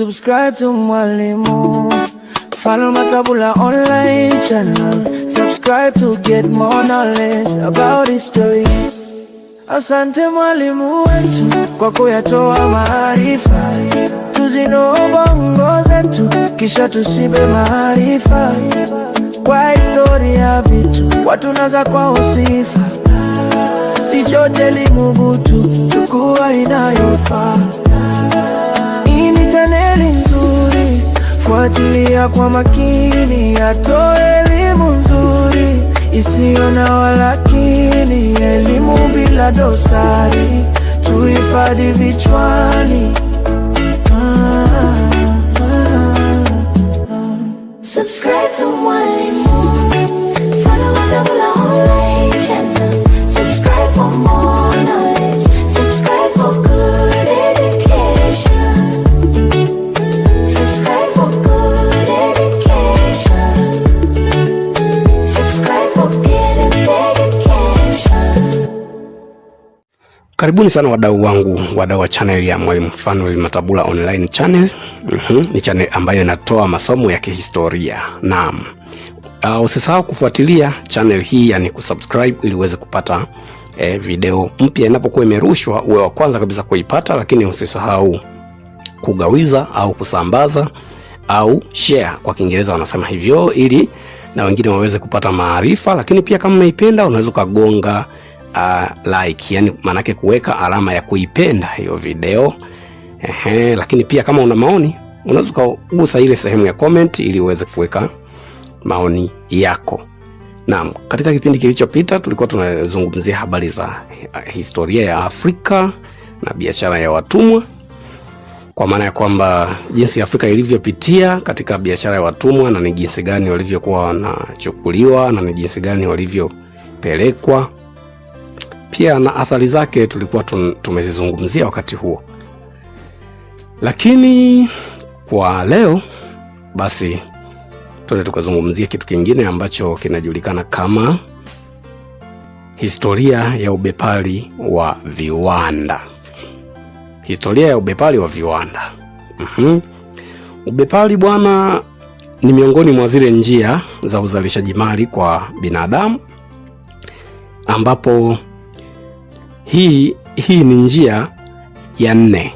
Subscribe to Mwalimu Falma Tabula online channel. Subscribe to get more knowledge about history. Asante mwalimu wetu kwa kuyatoa maarifa, tuzino bongo zetu kisha tusibe maarifa kwa historia vitu watu naza kwa usifa, si chote limubutu, chukua inayofaa. kumfuatilia kwa makini, atoe elimu nzuri isiyo na walakini, elimu bila dosari, tuhifadhi vichwani Karibuni sana wadau wangu, wadau wa channel ya Mwalimu Fanuel Matabula online channel. Mm -hmm. Ni channel ambayo inatoa masomo ya kihistoria. Naam. Uh, usisahau kufuatilia channel hii, yani kusubscribe ili uweze kupata eh, video mpya inapokuwa imerushwa uwe wa kwanza kabisa kuipata, lakini usisahau kugawiza au kusambaza au share, kwa Kiingereza wanasema hivyo, ili na wengine waweze kupata maarifa. Lakini pia kama umeipenda, unaweza ukagonga uh, like, yani maanake kuweka alama ya kuipenda hiyo video ehe. Lakini pia kama una maoni unaweza ukagusa ile sehemu ya comment ili uweze kuweka maoni yako. Naam, katika kipindi kilichopita tulikuwa tunazungumzia habari za uh, historia ya Afrika na biashara ya watumwa, kwa maana ya kwamba jinsi Afrika ilivyopitia katika biashara ya watumwa na ni jinsi gani walivyokuwa wanachukuliwa na ni jinsi gani walivyopelekwa pia na athari zake tulikuwa tumezizungumzia wakati huo, lakini kwa leo basi tuende tukazungumzia kitu kingine ambacho kinajulikana kama historia ya ubepari wa viwanda. Historia ya ubepari wa viwanda. mm-hmm. Ubepari bwana, ni miongoni mwa zile njia za uzalishaji mali kwa binadamu ambapo hii hii ni njia ya nne,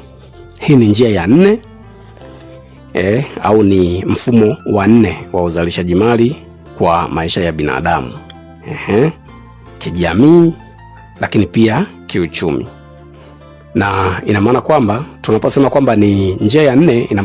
hii ni njia ya nne eh, au ni mfumo wa nne wa uzalishaji mali kwa maisha ya binadamu eh, kijamii, lakini pia kiuchumi, na ina maana kwamba tunaposema kwamba ni njia ya nne ina